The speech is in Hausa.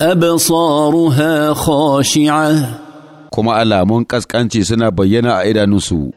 a bai kuma alamun kaskanci suna bayyana a idononsu.